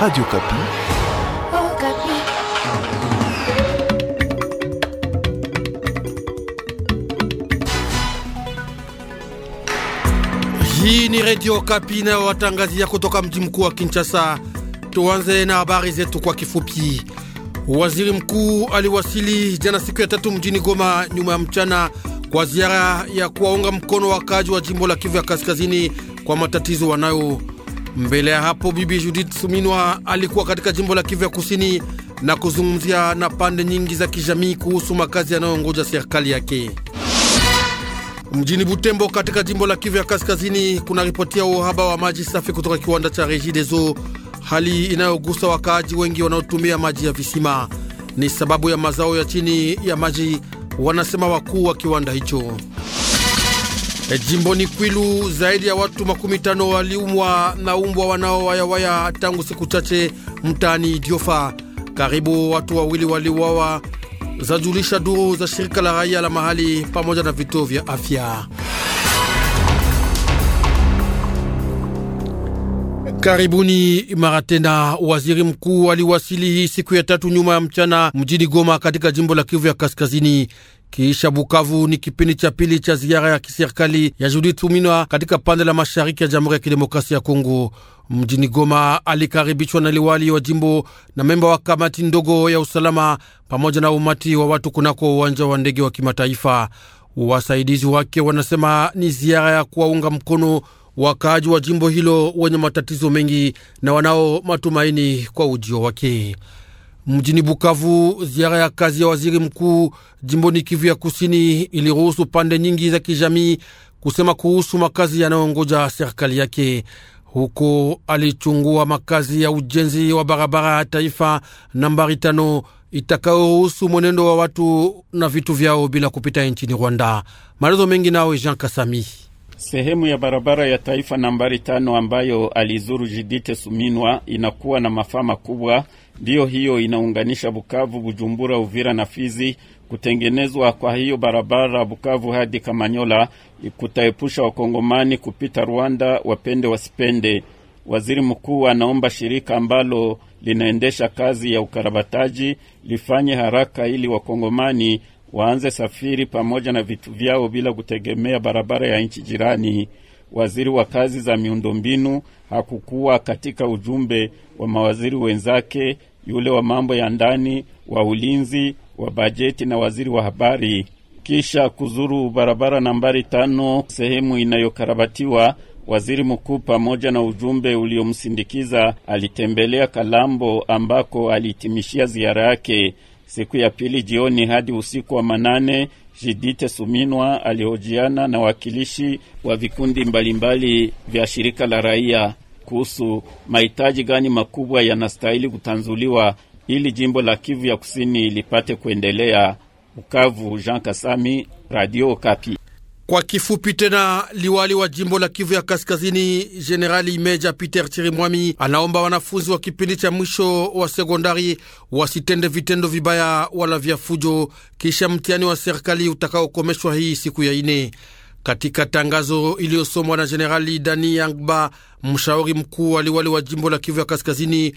Radio Kapi. Oh, Kapi. Hii ni Radio Kapi nayo watangazia kutoka mji mkuu wa Kinshasa. Tuanze na habari zetu kwa kifupi. Waziri mkuu aliwasili jana siku ya tatu mjini Goma nyuma ya mchana kwa ziara ya kuwaunga mkono wakaaji wa jimbo la Kivu ya Kaskazini kwa matatizo wanayo mbele ya hapo, Bibi Judith Suminwa alikuwa katika jimbo la Kivu ya Kusini na kuzungumzia na pande nyingi za kijamii kuhusu makazi yanayongoja serikali yake. Mjini Butembo katika jimbo la Kivu ya Kaskazini kunaripotia uhaba wa maji safi kutoka kiwanda cha Regideso, hali inayogusa wakaaji wengi wanaotumia maji ya visima. Ni sababu ya mazao ya chini ya maji, wanasema wakuu wa kiwanda hicho. E, jimboni Kwilu, zaidi ya watu makumi tano waliumwa na umbwa wanaowayawaya tangu siku chache mtaani diofa Karibu watu wawili waliuawa, zajulisha duru za shirika la raia la mahali pamoja na vituo vya afya. Karibuni mara tena. Waziri mkuu aliwasili hii siku ya tatu nyuma ya mchana mjini Goma katika jimbo la Kivu ya Kaskazini. Kiisha Bukavu ni kipindi cha pili cha ziara ya kiserikali ya Judith Suminwa katika pande la mashariki ya Jamhuri ya Kidemokrasia ya Kongo. Mjini Goma alikaribishwa na liwali wa jimbo na memba wa kamati ndogo ya usalama pamoja na umati wa watu kunako uwanja wa ndege wa kimataifa. Wasaidizi wake wanasema ni ziara ya kuwaunga mkono wakaaji wa jimbo hilo wenye matatizo mengi na wanao matumaini kwa ujio wake. Mjini Bukavu, ziara ya kazi ya waziri mkuu jimboni Kivu ya kusini iliruhusu pande nyingi za kijamii kusema kuhusu makazi yanayongoja serikali yake. Huko alichungua makazi ya ujenzi wa barabara ya taifa nambari tano itakayoruhusu mwenendo wa watu na vitu vyao bila kupita nchini Rwanda. Maelezo mengi nawe Jean Kasami. Sehemu ya barabara ya taifa nambari tano ambayo alizuru jidite Suminwa inakuwa na mafaa makubwa. Ndiyo hiyo inaunganisha Bukavu, Bujumbura, Uvira na Fizi. Kutengenezwa kwa hiyo barabara Bukavu hadi Kamanyola kutaepusha wakongomani kupita Rwanda, wapende wasipende. Waziri mkuu anaomba shirika ambalo linaendesha kazi ya ukarabataji lifanye haraka ili wakongomani waanze safiri pamoja na vitu vyao bila kutegemea barabara ya nchi jirani. Waziri wa kazi za miundombinu hakukuwa katika ujumbe wa mawaziri wenzake, yule wa mambo ya ndani, wa ulinzi, wa bajeti na waziri wa habari. Kisha kuzuru barabara nambari tano, sehemu inayokarabatiwa, waziri mkuu pamoja na ujumbe uliomsindikiza alitembelea Kalambo ambako alihitimishia ziara yake. Siku ya pili jioni hadi usiku wa manane, Jidite Suminwa alihojiana na wakilishi wa vikundi mbalimbali vya shirika la raia kuhusu mahitaji gani makubwa yanastahili kutanzuliwa ili jimbo la Kivu ya Kusini lipate kuendelea. ukavu Jean Kasami, Radio Kapi. Kwa kifupi tena, liwali wa jimbo la Kivu ya Kaskazini, Jenerali Meja Peter Chirimwami, anaomba wanafunzi wa kipindi cha mwisho wa sekondari wasitende vitendo vibaya wala vya fujo kisha mtihani wa serikali utakaokomeshwa hii siku ya ine. Katika tangazo iliyosomwa na Jenerali Dani Yangba, mshauri mkuu wa liwali wa jimbo la Kivu ya Kaskazini,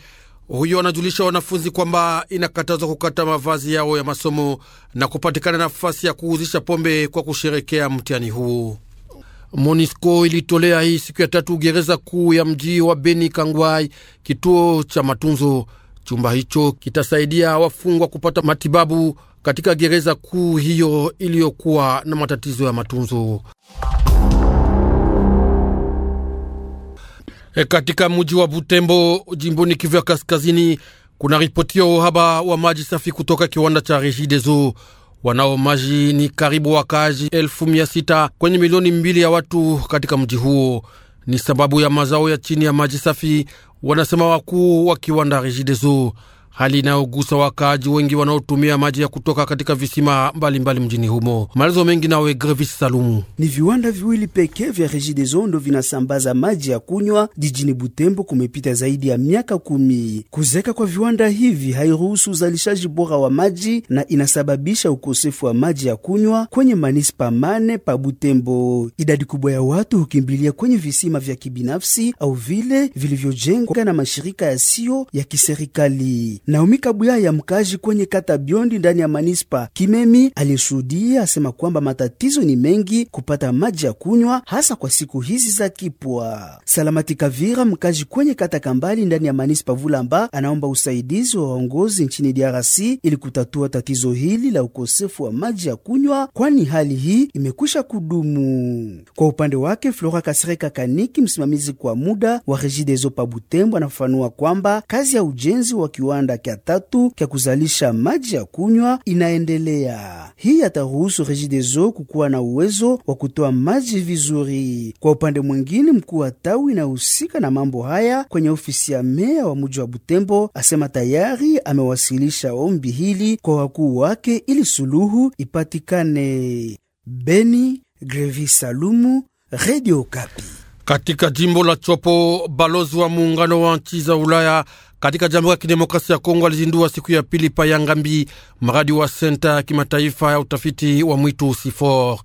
huyo anajulisha wanafunzi kwamba inakatazwa kukata mavazi yao ya masomo na kupatikana nafasi ya kuuzisha pombe kwa kusherekea mtihani huo. Monisco ilitolea hii siku ya tatu gereza kuu ya mji wa Beni Kangwai kituo cha matunzo. Chumba hicho kitasaidia wafungwa kupata matibabu katika gereza kuu hiyo iliyokuwa na matatizo ya matunzo. E, katika mji wa Butembo jimboni Kivu ya kaskazini kuna ripoti ya uhaba wa maji safi kutoka kiwanda cha Regideso. Wanao maji ni karibu wakaaji elfu mia sita kwenye milioni mbili ya watu katika mji huo, ni sababu ya mazao ya chini ya maji safi, wanasema wakuu wa kiwanda Regideso hali inayogusa wakaaji wengi wanaotumia maji ya kutoka katika visima mbalimbali mbali mjini humo. Malizo mengi nawe Grevis Salumu. Ni viwanda viwili pekee vya Regideso ndo vinasambaza maji ya kunywa jijini Butembo. Kumepita zaidi ya miaka kumi. Kuzeka kwa viwanda hivi hairuhusu uzalishaji bora wa maji na inasababisha ukosefu wa maji ya kunywa kwenye manispa mane pa Butembo. Idadi kubwa ya watu hukimbilia kwenye visima vya kibinafsi au vile vilivyojengwa na mashirika yasiyo ya kiserikali. Naomi Kabuyaya, mkazi kwenye kata Biondi ndani ya manispa Kimemi, alishuhudia asema kwamba matatizo ni mengi kupata maji ya kunywa, hasa kwa siku hizi za kipwa. Salamati Kavira, mkazi kwenye kata Kambali ndani ya manispa Vulamba, anaomba usaidizi wa waongozi nchini DRC ili kutatua tatizo hili la ukosefu wa maji ya kunywa, kwani hali hii imekwisha kudumu. Kwa upande wake, Flora Kasereka Kaniki, msimamizi kwa muda wa Regideso Pabutembo, anafafanua kwamba kazi ya ujenzi wa kiwanda kiwanda kya tatu kya kuzalisha maji ya kunywa inaendelea. Hii yataruhusu Regideso kukuwa na uwezo wa kutoa maji vizuri. Kwa upande mwingine, mkuu wa tawi inahusika na mambo haya kwenye ofisi ya meya wa muji wa Butembo asema tayari amewasilisha ombi hili kwa wakuu wake ili suluhu ipatikane. Beni, Grevi Salumu, Radio Kapi. Katika jimbo la Chopo, balozi wa muungano wa nchi za Ulaya katika Jamhuri ya Kidemokrasia ya Kongo alizindua siku ya pili pa Yangambi mradi wa senta ya kimataifa ya utafiti wa mwitu SIFOR.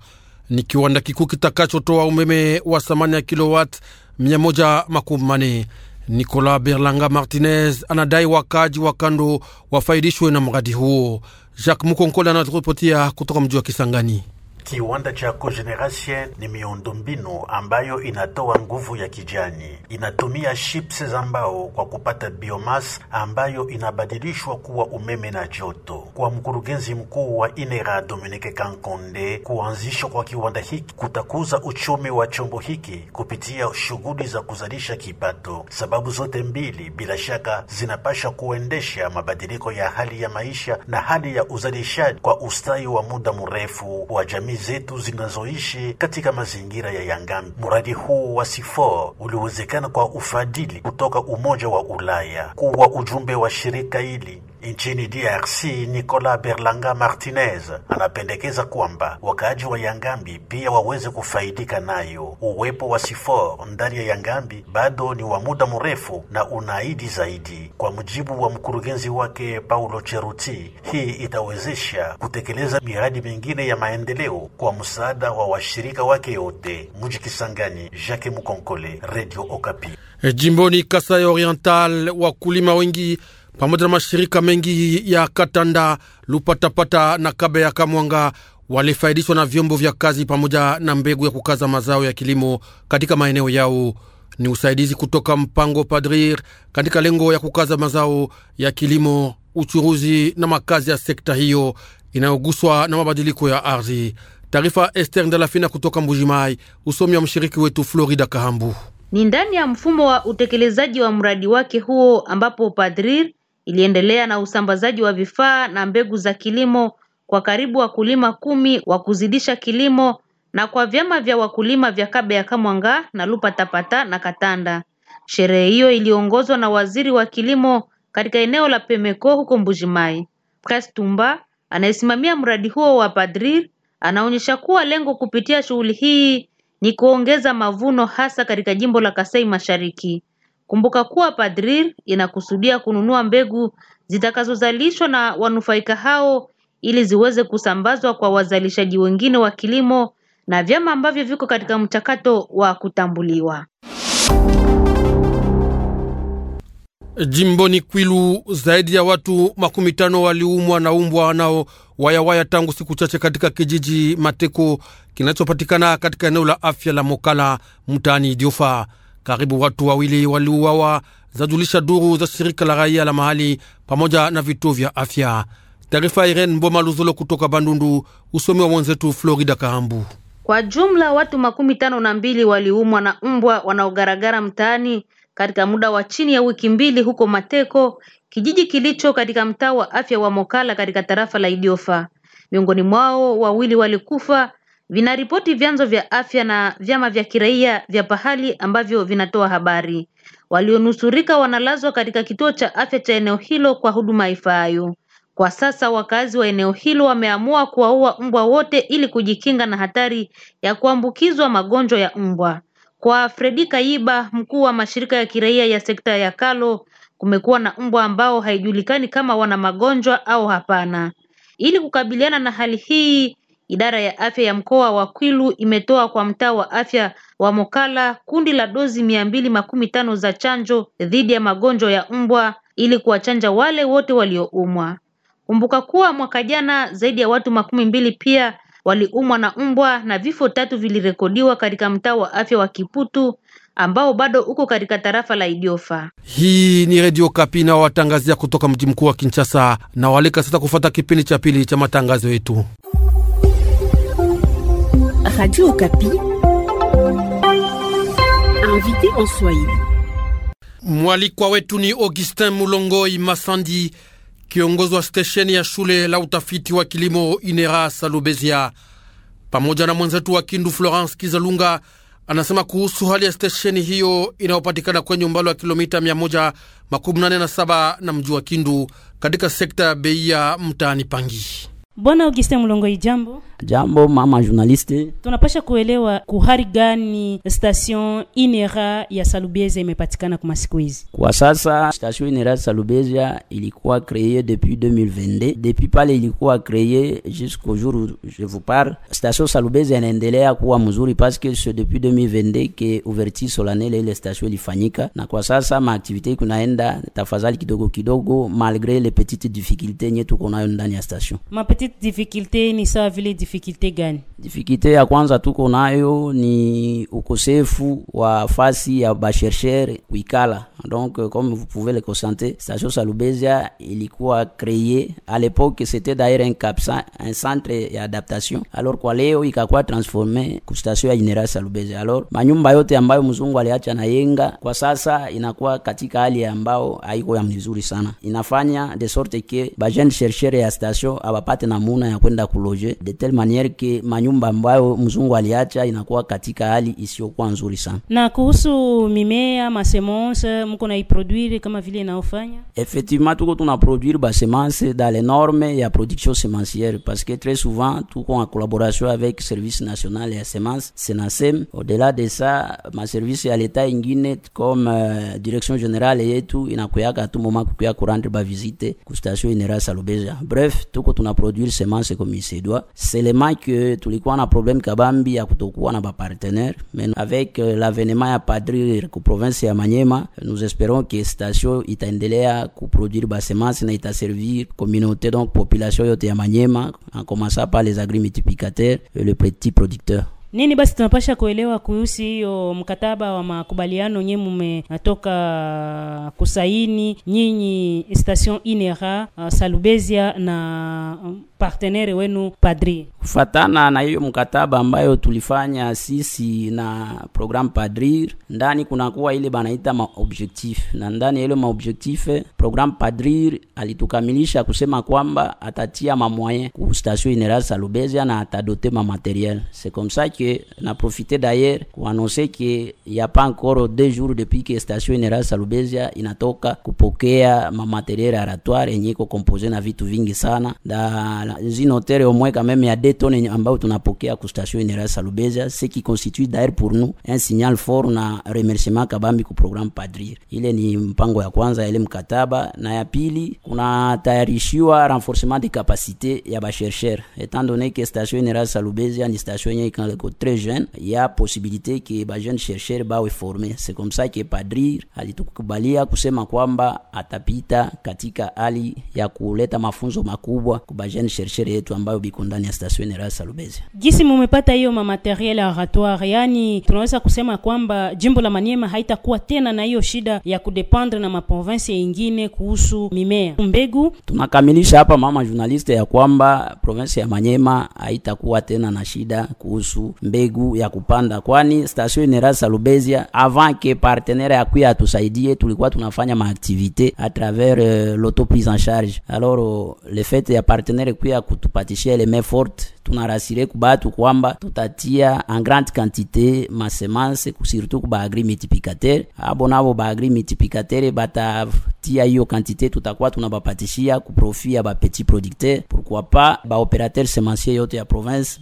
Ni kiwanda kikuu kitakachotoa umeme wa thamani ya kilowat mia moja makumi Nicola Berlanga Martinez anadai wakaji wa kando wafaidishwe na mradi huo. Jacques Mukonkole anatupotia kutoka mji wa Kisangani. Kiwanda cha cogeneration ni miundombinu ambayo inatoa nguvu ya kijani. Inatumia chips za mbao kwa kupata biomass ambayo inabadilishwa kuwa umeme na joto. Kwa mkurugenzi mkuu wa INERA Dominique Kankonde, kuanzishwa kwa kiwanda hiki kutakuza uchumi wa chombo hiki kupitia shughuli za kuzalisha kipato. Sababu zote mbili bila shaka zinapasha kuendesha mabadiliko ya hali ya maisha na hali ya uzalishaji kwa ustawi wa muda mrefu wa jamii jamii zetu zinazoishi katika mazingira ya Yangambi. Mradi huu wa C4 uliwezekana kwa ufadhili kutoka Umoja wa Ulaya. Kuwa ujumbe wa shirika hili nchini DRC Nicolas Berlanga Martinez anapendekeza kwamba wakaaji wa Yangambi pia waweze kufaidika nayo. Uwepo wa SIFOR ndani ya Yangambi bado ni wa muda mrefu na unaidi zaidi. Kwa mujibu wa mkurugenzi wake Paulo Cheruti, hii itawezesha kutekeleza miradi mingine ya maendeleo kwa msaada wa washirika wake yote. Mji Kisangani, Jacques Mukonkole, Radio Okapi. E, jimboni Kasai Oriental, wakulima wengi pamoja na mashirika mengi ya Katanda, Lupatapata na Kabe ya Kamwanga walifaidishwa na vyombo vya kazi pamoja na mbegu ya kukaza mazao ya kilimo katika maeneo yao. Ni usaidizi kutoka mpango Padrir katika lengo ya kukaza mazao ya kilimo, uchuruzi na makazi ya sekta hiyo inayoguswa na mabadiliko ya ardhi. Taarifa Ester Ndalafina kutoka Mbujimai, usomi wa mshiriki wetu Florida Kahambu. Ni ndani ya mfumo wa utekelezaji wa mradi wake huo ambapo Padrir iliendelea na usambazaji wa vifaa na mbegu za kilimo kwa karibu wakulima kumi wa kuzidisha kilimo na kwa vyama vya wakulima vya Kabe ya Kamwanga na Lupa Tapata na Katanda. Sherehe hiyo iliongozwa na waziri wa kilimo katika eneo la Pemeko huko Mbujimai. Pras Tumba anayesimamia mradi huo wa Padrir anaonyesha kuwa lengo kupitia shughuli hii ni kuongeza mavuno hasa katika jimbo la Kasai Mashariki. Kumbuka kuwa PADRIR inakusudia kununua mbegu zitakazozalishwa na wanufaika hao ili ziweze kusambazwa kwa wazalishaji wengine wa kilimo na vyama ambavyo viko katika mchakato wa kutambuliwa. Jimboni Kwilu, zaidi ya watu makumi tano waliumwa na umbwa nao wayawaya tangu siku chache katika kijiji Mateko kinachopatikana katika eneo la afya la Mokala mtaani Idiofa. Karibu watu wawili waliuawa, zajulisha duru za shirika la raia la mahali pamoja na vituo vya afya. Taarifa Irene Mboma Luzolo kutoka Bandundu, usomi wa mwenzetu Florida Kahambu. Kwa jumla watu makumi tano na mbili waliumwa na mbwa wanaogaragara mtaani katika muda wa chini ya wiki mbili huko Mateko, kijiji kilicho katika mtaa wa afya wa Mokala katika tarafa la Idiofa. Miongoni mwao wawili walikufa vinaripoti vyanzo vya afya na vyama vya kiraia vya pahali ambavyo vinatoa habari. Walionusurika wanalazwa katika kituo cha afya cha eneo hilo kwa huduma ifaayo. Kwa sasa wakazi wa eneo hilo wameamua kuwaua mbwa wote ili kujikinga na hatari ya kuambukizwa magonjwa ya mbwa. Kwa Fredi Kayiba, mkuu wa mashirika ya kiraia ya sekta ya Kalo, kumekuwa na mbwa ambao haijulikani kama wana magonjwa au hapana. Ili kukabiliana na hali hii, Idara ya afya ya mkoa wa Kwilu imetoa kwa mtaa wa afya wa Mokala kundi la dozi mia mbili makumi tano za chanjo dhidi ya magonjwa ya mbwa ili kuwachanja wale wote walioumwa. Kumbuka kuwa mwaka jana zaidi ya watu makumi mbili pia waliumwa na mbwa na vifo tatu vilirekodiwa katika mtaa wa afya wa Kiputu ambao bado uko katika tarafa la Idiofa. Hii ni Radio Kapi na watangazia kutoka mji mkuu wa Kinshasa na walika sasa kufuata kipindi cha pili cha matangazo yetu. Radio Okapi, invité en Swahili. Mwalikwa wetu ni Augustin Mulongoi Masandi, kiongozi wa stesheni ya shule la utafiti wa kilimo Inera Salubezia, pamoja na mwenzetu wa Kindu Florence Kizalunga anasema kuhusu hali ya stesheni hiyo inayopatikana kwenye umbali wa kilomita 187 na mji wa Kindu katika sekta ya Beia mtaani Pangi. Bwana Augustin Mlongoi, jambo. Jambo mama journaliste. Tunapasha kuelewa kuhari gani station Inera ya Salubezia imepatikana kwa masiku hizi? Kwa sasa station Inera ya Salubezia ilikuwa kreye depuis 2022. Depuis pale ilikuwa kreye jusqu'au jour je vous parle, station Salubezia inaendelea kuwa mzuri paske se depuis 2022 que ouverture solennelle ile station ilifanyika, na kwa sasa maaktivite kunaenda tafadhali kidogo kidogo, malgré les petites difficulté nyetu tuko ndani ya station Mapet petite difficulté ni sawa vile difficulté gani? Difficulté ya kwanza tuko nayo ni ukosefu wa fasi ya bashersher kuikala. Donc euh, comme vous pouvez le constater, station Salubezia ilikuwa créé à l'époque, c'était d'ailleurs un capsa, un centre ya adaptation, alors kwa leo ikakuwa transforme ku station ya General Salubezia. Alors manyumba yote ambayo mzungu aliacha na yenga kwa sasa inakuwa katika hali ambao haiko ya mzuri sana, inafanya de sorte que ba jeune chercheur ya station abapate namuna ya kwenda kuloje de telle maniere ke manyumba ambayo mzungu aliacha inakuwa katika hali isiyokuwa nzuri sana. Na kuhusu mimea masemanse, mko na kama vile inaofanya? Effectivement, tuko tuna produire ba dans les normes ya production semencière parce que très souvent tuko en collaboration avec service national ya semence Senasem. Au-delà de ça, ma service ya leta ingine comme uh, direction générale yetu inakuyaka tu moment kukuya kurendre ba visite ku station Inera Salobeja. Bref, tuko tuna produire produire semences comme il se doit. Seulement que tous problème na problème kabambi a kutokuwa na partenaire. mais avec euh, l'avènement à padrir que province à Manyema, nous espérons que station produire itaendelea kuproduire basemence servir la communauté donc population de Maniema, en commençant par les agrimultiplicateurs et les petits producteurs. Nini basi tunapasha kuelewa kuhusu hiyo mkataba wa makubaliano nye mmetoka kusaini nyinyi station Inera uh, Salubezia na um, partenaire partenere wenu Padri kufatana na hiyo mkataba ambayo tulifanya sisi na program Padrir, ndani kunakuwa ile banaita maobjectif, na ndani ile maobjectif program Padrir alitukamilisha kusema kwamba atatia mamoyen ku station Inera Salubezia na atadote ma materiel c'est comme ça qu'on a profité d'ailleurs pour annoncer qu'il n'y a pas encore deux jours depuis que la station générale Salubezia inatoka kupokea mamateriel ya ratoire et iko kompoze na vitu vingi sana da zinotere au moins quand même ya deux tonnes ambayo tunapokea ku station General Salubezia, ce qui constitue d'ailleurs pour nous un signal fort na remerciement kabambi ku programme Padrir. Ile ni mpango ya kwanza ile mkataba, na ya pili kuna tayarishiwa renforcement des capacités ya ba chercheurs étant donné que station générale Salubezia ni station yenye très jeune, il y a possibilité que ba jeune chercheur bawe forme. C'est comme ça que padri alitukubalia kusema kwamba atapita katika hali ya kuleta mafunzo makubwa kwa jeune chercheur yetu ambayo biko ndani ya station Erasmus Lubeza. Gisi mumepata hiyo ma materiel oratoire, yani tunaweza kusema kwamba jimbo la Maniema haitakuwa tena na hiyo shida ya kudependre na maprovince ingine kuhusu mimea mbegu. Tunakamilisha hapa mama journaliste ya kwamba province ya Manyema haitakuwa tena na shida kuhusu mbegu ya kupanda, kwani station General Salubezia avant que partenaire yakuya atusaidie, tulikuwa tunafanya maaktivite à travers euh, l'autoprise en charge. Alors euh, le fait ya partenaire kuya kutupatishia le main forte, tunarasire kubatu kwamba tutatia en grande quantité semences, surtout kuba agri multiplicateur abo ah, nabo ba agri multiplicateur batatia hiyo quantité, tutakuwa tunabapatishia ku profit ya ba petit producteur, pourquoi pas ba opérateur semencier yote ya province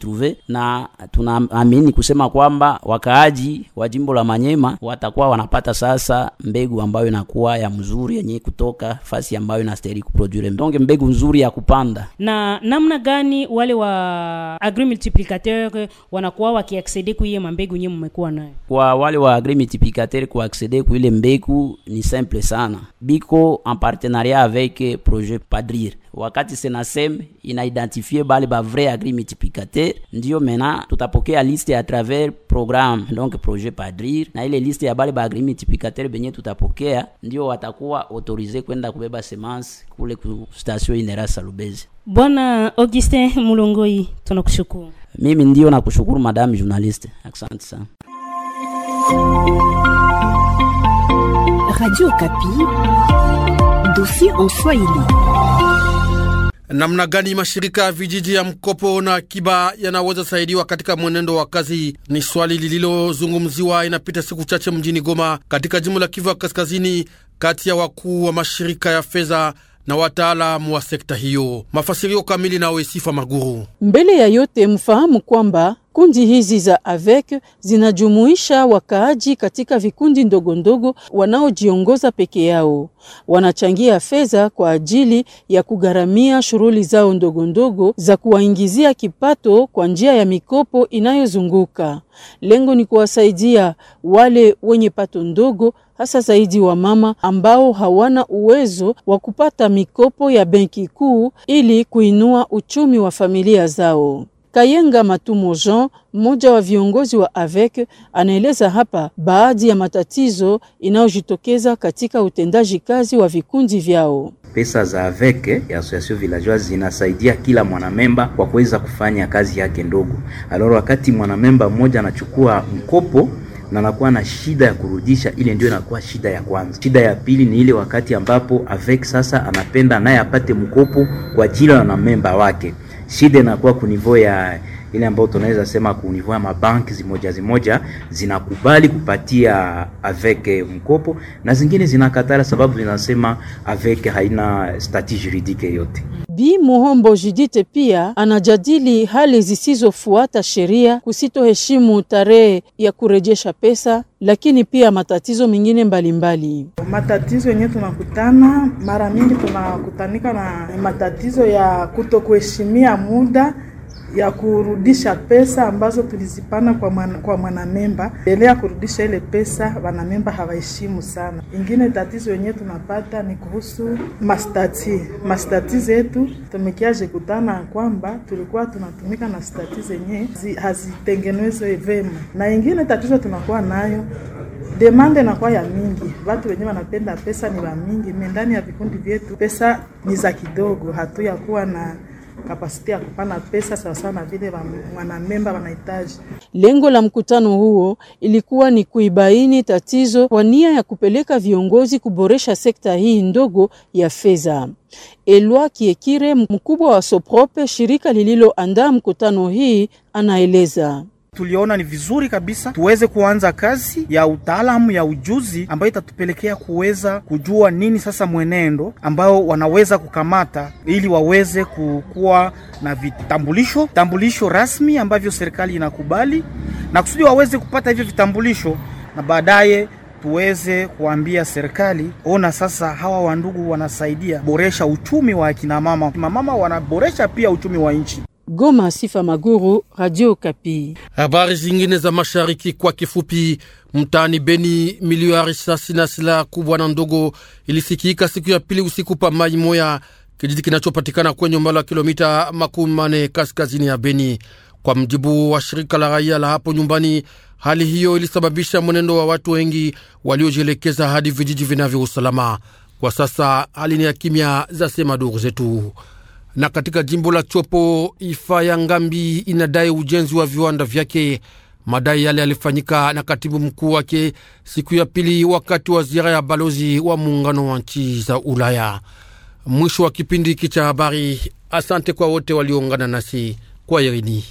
trouver na tunaamini kusema kwamba wakaaji wa jimbo la Manyema watakuwa wanapata sasa mbegu ambayo inakuwa ya mzuri yenye kutoka fasi ambayo inastahili kuproduire donc mbegu nzuri ya kupanda. Na namna gani wale wa agri multiplicateur wanakuwa wakiaccede kuiye mambegu nyewe mmekuwa nayo? Kwa wale wa agri multiplicateur kuaccede kuile mbegu ni simple sana, biko en partenariat avec projet Padrir wakati Senasem inaidentifie bale ba vrai agri multiplicateur, ndio mena tutapokea liste a travers programme donc projet Padrir, na ile liste ya bale ba agri multiplicateur benye tutapokea ndio watakuwa autorisé kwenda kubeba semence kule ku station Inera Salubezi. Bwana Augustin Mulongoi, tunakushukuru. Mimi ndio nakushukuru madame journaliste, asante sana. Radio Kapi, dossier en Swahili namna gani mashirika ya vijiji ya mkopo na akiba yanaweza saidiwa katika mwenendo wa kazi ni swali lililozungumziwa inapita siku chache mjini Goma katika jimbo la Kivu ya Kaskazini, kati ya wakuu wa mashirika ya fedha na wataalamu wa sekta hiyo. Mafasirio kamili na Wesifa Maguru. Mbele ya yote mfahamu kwamba Kundi hizi za AVEC zinajumuisha wakaaji katika vikundi ndogo ndogo wanaojiongoza peke yao. Wanachangia fedha kwa ajili ya kugharamia shughuli zao ndogo ndogo za kuwaingizia kipato kwa njia ya mikopo inayozunguka. Lengo ni kuwasaidia wale wenye pato ndogo, hasa zaidi wa mama ambao hawana uwezo wa kupata mikopo ya Benki Kuu ili kuinua uchumi wa familia zao. Kayenga Matumo Jean, mmoja wa viongozi wa AVEC, anaeleza hapa baadhi ya matatizo inayojitokeza katika utendaji kazi wa vikundi vyao. Pesa za AVEC ya Association Villageoise zinasaidia kila mwanamemba kwa kuweza kufanya kazi yake ndogo. Aloro, wakati mwanamemba mmoja anachukua mkopo na nakuwa na shida ya kurudisha, ile ndio inakuwa shida ya kwanza. Shida ya pili ni ile wakati ambapo AVEC sasa anapenda naye apate mkopo kwa ajili ya wanamemba wake shida inakuwa kunivo ya ile ambayo tunaweza sema kunivua mabanki zimoja zimoja zinakubali kupatia avec mkopo na zingine zinakatala, sababu zinasema avec haina statut juridique yote. Bi Muhombo Judith pia anajadili hali zisizofuata sheria, kusitoheshimu tarehe ya kurejesha pesa, lakini pia matatizo mengine mbalimbali. Matatizo yenyewe tunakutana mara mingi, tunakutanika na matatizo ya kutokuheshimia muda ya kurudisha pesa ambazo tulizipana kwa man, kwa mwanamemba endelea kurudisha ile pesa, wanamemba hawaheshimu sana. Ingine tatizo yenye tunapata ni kuhusu mastati. Mastati zetu tumekiaje kutana kwamba tulikuwa tunatumika na stati zenye hazitengenezwe vema, na ingine tatizo tunakuwa nayo demande inakuwa ya mingi, watu wenyewe wanapenda pesa ni wa mingi, me ndani ya vikundi vyetu pesa ni za kidogo, hatuyakuwa na kapasiti ya kupana pesa sawasawa na vile wanamemba wanahitaji. Lengo la mkutano huo ilikuwa ni kuibaini tatizo kwa nia ya kupeleka viongozi kuboresha sekta hii ndogo ya fedha. Elwa Kiekire, mkubwa wa Soprope, shirika lililoandaa mkutano hii, anaeleza tuliona ni vizuri kabisa tuweze kuanza kazi ya utaalamu ya ujuzi ambayo itatupelekea kuweza kujua nini sasa mwenendo ambao wanaweza kukamata ili waweze kukuwa na vitambulisho vitambulisho rasmi ambavyo serikali inakubali na kusudi waweze kupata hivyo vitambulisho na baadaye tuweze kuambia serikali, ona sasa, hawa wandugu wanasaidia boresha uchumi wa akina mama. Mama wanaboresha pia uchumi wa nchi. Goma, Sifa Maguru, Radio Kapi. Habari zingine za mashariki kwa kifupi. Mtaani Beni, milio ya risasi na silaha kubwa na ndogo ilisikika siku ya pili usiku pa Mai Moya, kijiji kinachopatikana kwenye umbali wa kilomita makumi mane kaskazini ya Beni. Kwa mjibu wa shirika la raia la hapo nyumbani, hali hiyo ilisababisha mwenendo wa watu wengi waliojielekeza hadi vijiji vinavyo usalama. Kwa sasa hali ni ya kimya, zasema duru zetu na katika jimbo la Chopo ifa ya Ngambi inadai ujenzi wa viwanda vyake. Madai yale yalifanyika na katibu mkuu wake siku ya pili wakati wa ziara ya balozi wa muungano wa nchi za Ulaya. Mwisho wa kipindi hiki cha habari. Asante kwa wote walioungana nasi kwa Irini.